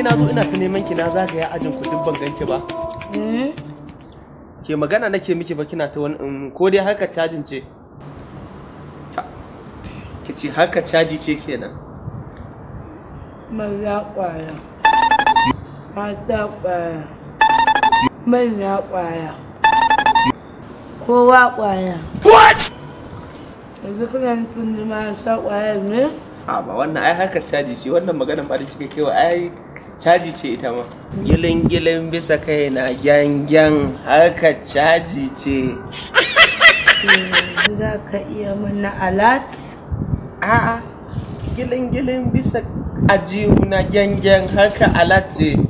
ke na zo ina ta neman ki na zagaya ajin ku duk ban ganki ba hmm? ke magana nake miki ba kina ta wani um, ko dai haka cajin ce ki ce haka caji ce kenan maza kwaya mata kwaya manya kwaya kowa kwaya what yanzu kuna nufin ma sa kwaya ne a ba wannan ai harkar caji ce wannan maganar ba da kika kewa ai caji ce ita ma gilin gilin bisa kai na gyangyan harkar caji ce yanzu za ka iya mana alat a'a gilin gilin bisa ajiyu na gyangyan harkar alat ce